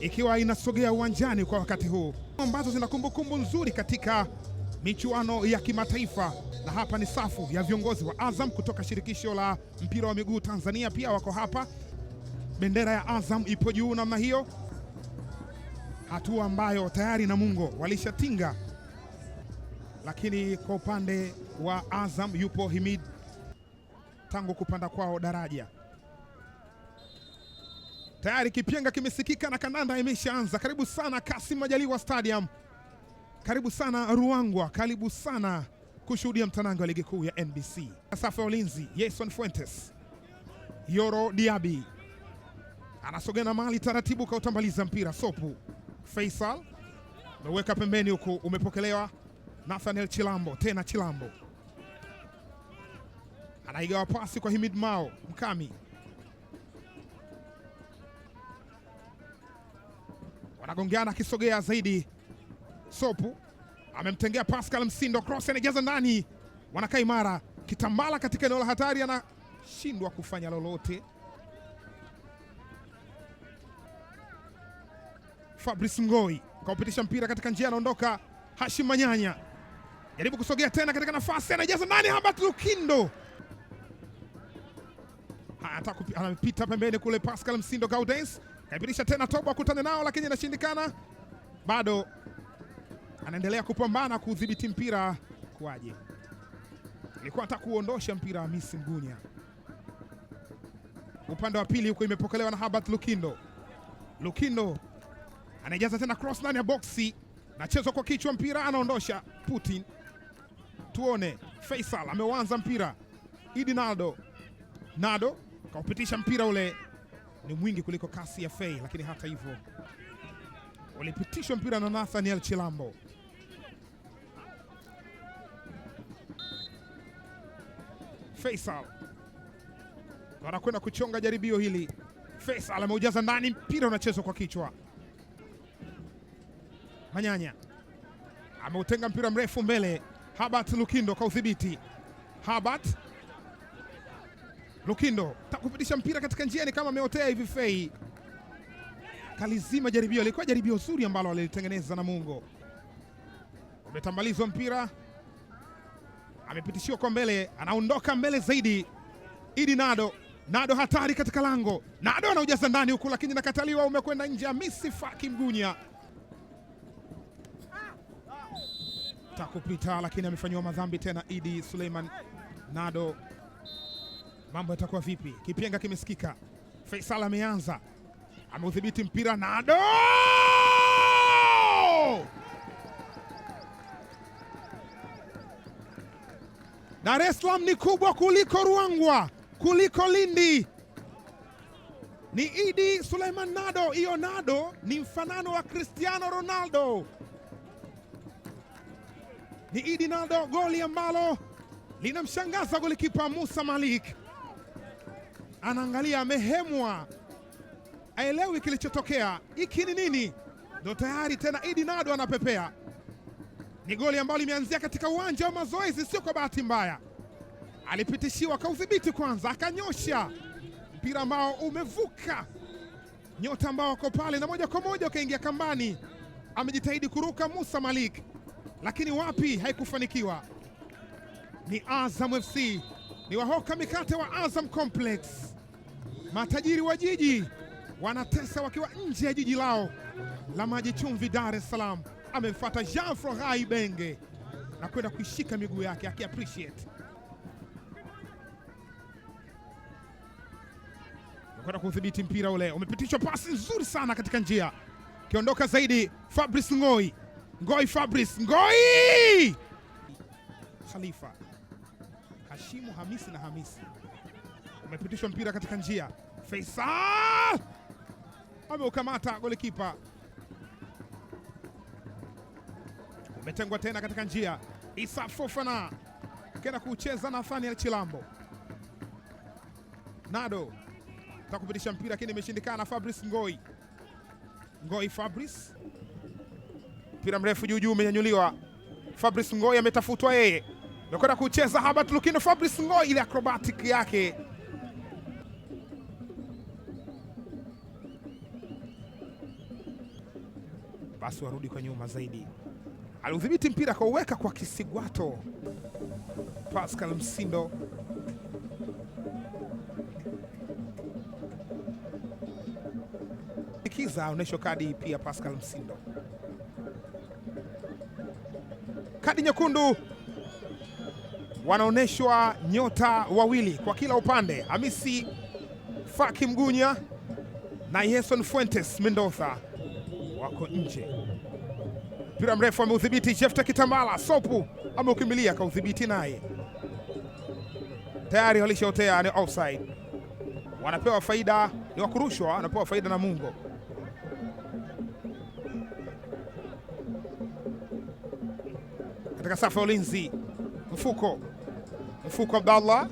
ikiwa inasogea uwanjani kwa wakati huu, ambazo zina kumbukumbu nzuri katika michuano ya kimataifa. Na hapa ni safu ya viongozi wa Azam kutoka shirikisho la mpira wa miguu Tanzania, pia wako hapa. Bendera ya Azam ipo juu namna hiyo, hatua ambayo tayari Namungo walishatinga, lakini kwa upande wa Azam yupo Himid tangu kupanda kwao daraja Tayari kipyenga kimesikika na kandanda imeshaanza. Karibu sana Kasim Majaliwa Stadium, karibu sana Ruangwa, karibu sana kushuhudia mtanango wa ligi kuu ya NBC. Safu ya ulinzi Jason Fuentes, Yoro Diaby anasogea na mali taratibu, kautambaliza mpira Sopu Faisal umeweka pembeni, huku umepokelewa Nathaniel Chilambo, tena Chilambo anaigawa pasi kwa Himid Mao Mkami Gongeana akisogea zaidi, Sopu amemtengea Pascal Msindo, cross anajaza ndani, wanakaa imara. Kitambala katika eneo la hatari anashindwa kufanya lolote. Fabrice Ngoi kaupitisha mpira katika njia, anaondoka Hashim Manyanya, jaribu kusogea tena katika nafasi, anajaza ndani, Habat Lukindo anapita pembeni kule, Pascal Msindo Gaudens Kaibirisha tena Tobo akutane nao, lakini inashindikana. Bado anaendelea kupambana kudhibiti mpira. Kuaje, ilikuwa nataka kuondosha mpira miss Mgunya upande wa pili huko, imepokelewa na Habat Lukindo. Lukindo anaijaza tena cross ndani ya boksi, nachezwa kwa kichwa, mpira anaondosha Putin. Tuone Faisal ameuanza mpira, Idi Nado kaupitisha mpira ule ni mwingi kuliko kasi ya Fei, lakini hata hivyo walipitishwa mpira na Nathaniel Chilambo. Faisal anakwenda kuchonga jaribio hili. Faisal ameujaza ndani, mpira unachezwa kwa kichwa. Manyanya ameutenga mpira mrefu mbele. Habat Lukindo kwa udhibiti. Habat Lukindo takupitisha mpira katika njia ni kama ameotea hivi. Fei kalizima jaribio, lilikuwa jaribio zuri ambalo alilitengeneza mungo Umetambalizwa mpira, amepitishiwa kwa mbele, anaondoka mbele zaidi. Idi Nado, Nado hatari katika lango, Nado anaujaza ndani huku, lakini nakataliwa, umekwenda nje ya Misi Faki Mgunya takupita, lakini amefanyiwa madhambi tena Idi Suleiman Nado mambo yatakuwa vipi? Kipenga kimesikika. Faisal ameanza, ameudhibiti mpira Nado Dar es Salaam ni kubwa kuliko Ruangwa, kuliko Lindi. Ni Idi Suleiman Nado. Hiyo Nado ni mfanano wa Cristiano Ronaldo. Ni Idi Nado, goli ambalo linamshangaza golikipa Musa Malik anaangalia, amehemwa, aelewi kilichotokea, hiki ni nini? Ndo tayari tena Idi Nado anapepea. Ni goli ambalo limeanzia katika uwanja wa mazoezi, sio kwa bahati mbaya. Alipitishiwa, udhibiti kwanza, akanyosha mpira ambao umevuka nyota ambao wako pale, na moja kwa moja ukaingia kambani. Amejitahidi kuruka Musa Malik, lakini wapi, haikufanikiwa. Ni Azam FC, ni wahoka mikate wa Azam Complex. Matajiri wa jiji wanatesa wakiwa nje ya jiji lao la maji chumvi, Dar es Salaam. Amemfuata Jean Frohai Benge na kwenda kuishika miguu yake akiappreciate kwenda kudhibiti mpira ule, umepitishwa pasi nzuri sana katika njia, kiondoka zaidi Fabrice Ngoi Ngoi, Fabrice Ngoi, Khalifa Hashimu Hamisi na Hamisi umepitishwa mpira katika njia, Faisal ameukamata golikipa, umetengwa tena katika njia. Isa Fofana kenda kucheza Nathaniel Chilambo, Nado takupitisha mpira lakini imeshindikana. Fabrice Ngoi, Ngoi Fabrice, mpira mrefu juu juu umenyanyuliwa. Fabrice Ngoi ametafutwa yeye, nakwenda kucheza Habat Lukino. Fabrice Ngoi ile acrobatic yake basi warudi kwa nyuma zaidi. Aliudhibiti mpira akauweka kwa Kisigwato Pascal Msindo ikiza aonesho kadi pia Pascal Msindo kadi nyekundu wanaonyeshwa nyota wawili kwa kila upande, Hamisi Faki Mgunya na Yeson Fuentes Mendoza wako nje. Mpira mrefu ameudhibiti Jefta Kitambala, Sopu ameukimbilia kaudhibiti naye, tayari walishaotea, ni offside. Wanapewa faida, ni wakurushwa, wanapewa faida na Mungo. Katika safu ya ulinzi, mfuko mfuko Abdallah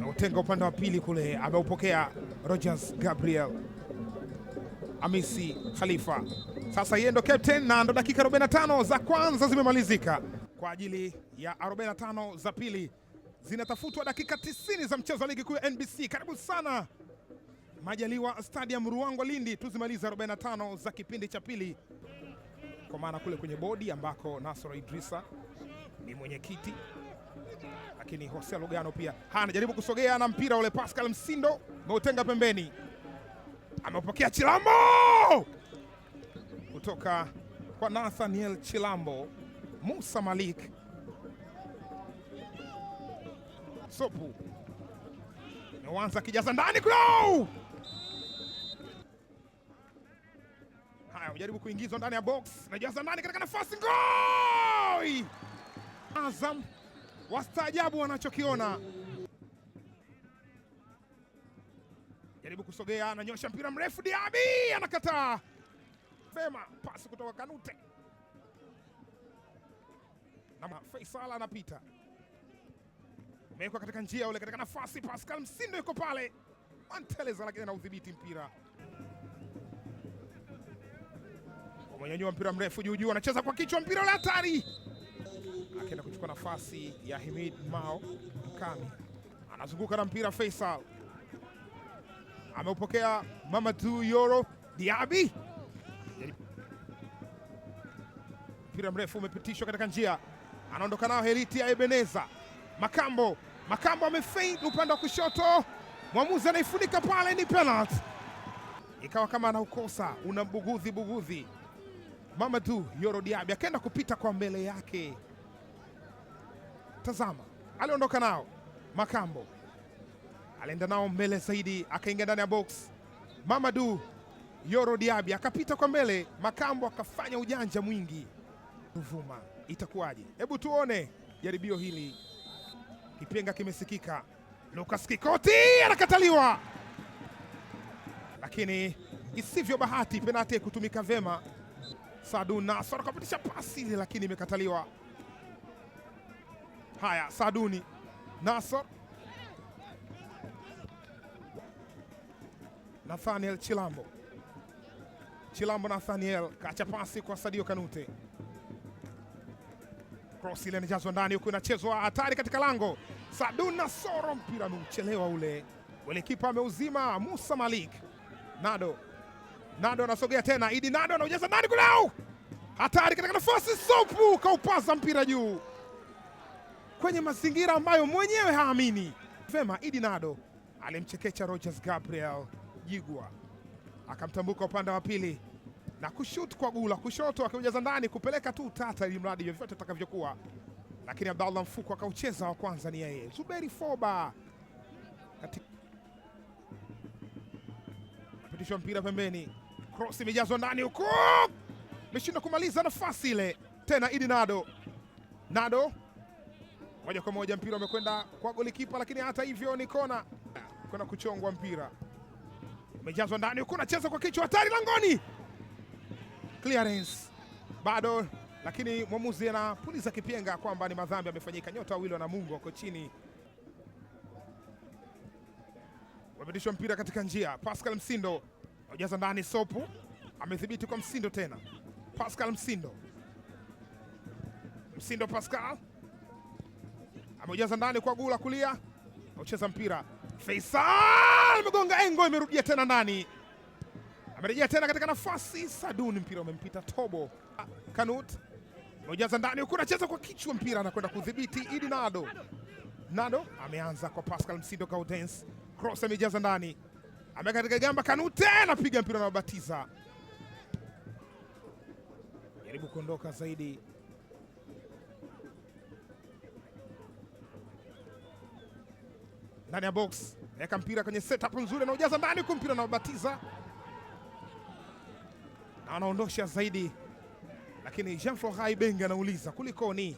nautenga upande wa pili kule, ameupokea Rogers Gabriel Hamisi Khalifa. Sasa yeye ndo captain na ndo dakika 45 za kwanza zimemalizika kwa ajili ya 45 za pili zinatafutwa dakika 90 za mchezo wa ligi kuu ya NBC. Karibu sana Majaliwa Stadium Ruangwa Lindi, tuzimalize 45 za kipindi cha pili, kwa maana kule kwenye bodi ambako Nasoro Idrisa ni mwenyekiti, lakini Hosea Lugano pia anajaribu kusogea na mpira ule. Pascal Msindo meutenga pembeni amepokea Chilambo kutoka kwa Nathaniel Chilambo. Musa Malik Sopu mewanza kijaza ndani klo. Haya, ujaribu kuingizwa ndani ya box, najaza ndani katika nafasi ngoi. Azam wastaajabu wanachokiona. jaribu kusogea, ananyosha mpira mrefu, Diaby anakataa vema, pasi kutoka Kanute na Faisal anapita, umewekwa katika njia ule, katika nafasi. Pascal Msindo yuko pale, Manteleza lakini anaudhibiti mpira, wamenyanyua mpira mrefu juu juu, anacheza kwa kichwa, mpira ule hatari, akienda kuchukua nafasi ya Himid Mao Mkami, anazunguka na mpira Faisal ameupokea tu Yoro Diaby, mpira mrefu umepitishwa katika njia, anaondoka nao Heriti Ebeneza Makambo. Makambo amefeint upande wa kushoto, mwamuzi anaifunika pale, ni penalty. Ikawa kama anaukosa una bugudhi bugudhi. tu Yoro Diaby akaenda kupita kwa mbele yake, tazama, aliondoka nao Makambo alienda nao mbele zaidi, akaingia ndani ya box. Mamadu Yoro Diaby akapita kwa mbele, Makambo akafanya ujanja mwingi. Ruvuma itakuwaje? Hebu tuone jaribio hili. Kipenga kimesikika. Lucas Kikoti anakataliwa, lakini isivyo bahati penati kutumika vyema. Sadun Nasor akapitisha pasi ile, lakini imekataliwa. Haya, Saduni Nasor Nathaniel Chilambo. Chilambo Nathaniel kacha pasi kwa Sadio Kanute. Cross ile inajazwa ndani huku inachezwa hatari katika lango. Sadun soro mpira ameuchelewa ule. kipa ameuzima Musa Malik. Nado. Nado anasogea tena. Idi Nado anaujaza ndani kule au. Hatari katika nafasi Sopu kaupaza mpira juu. Kwenye mazingira ambayo mwenyewe haamini. Vema Idi Nado alimchekecha Rogers Gabriel. Jigwa akamtambuka upande wa pili na kushuti kwa gula kushoto akiujaza ndani kupeleka tu tata ili mradi vyovyote atakavyokuwa, lakini Abdallah Mfuko akaucheza wa kwanza ni yeye. Zuberi Foba napitishwa mpira pembeni, cross imejazwa ndani huko, ameshindwa kumaliza nafasi ile tena. Idi Nado Nado moja kwa moja mpira umekwenda kwa golikipa, lakini hata hivyo ni kona kwenda kuchongwa mpira umejazwa ndani huko, anacheza kwa kichwa, hatari langoni, clearance bado, lakini mwamuzi anapuliza kipenga kwamba ni madhambi amefanyika. Nyota wawili na Mungu wako chini, wamedishwa mpira katika njia. Pascal Msindo ujaza ndani, Sopu amedhibiti kwa Msindo tena, Pascal Msindo, Msindo Pascal ameujaza ndani kwa guu la kulia, ucheza mpira Faisal Mgonga Engo imerudia tena ndani, amerejea tena katika nafasi. Sadun mpira umempita Tobo. Ah, Kanut mejaza ndani huku anacheza kwa kichwa, mpira anakwenda kudhibiti Idi Nado. Nado ameanza kwa Pascal Msindo Gaudens, cross amejaza ndani, ameweka katika gamba. Kanute anapiga mpira na mabatiza, jaribu kuondoka zaidi ndani ya box, weka mpira kwenye setup nzuri, anaujaza ndani huku mpira anaobatiza na anaondosha zaidi, lakini Jean forai Benga anauliza kulikoni,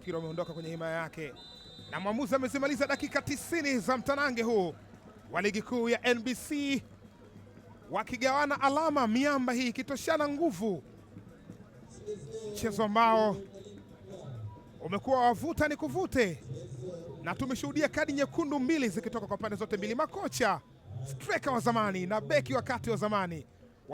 mpira umeondoka kwenye himaya yake, na mwamuzi amezimaliza dakika 90 za mtanange huu wa ligi kuu ya NBC wakigawana alama, miamba hii ikitoshana nguvu, mchezo ambao umekuwa wavuta ni kuvute na tumeshuhudia kadi nyekundu mbili zikitoka kwa pande zote mbili. Makocha, streka wa zamani na beki wa kati wa zamani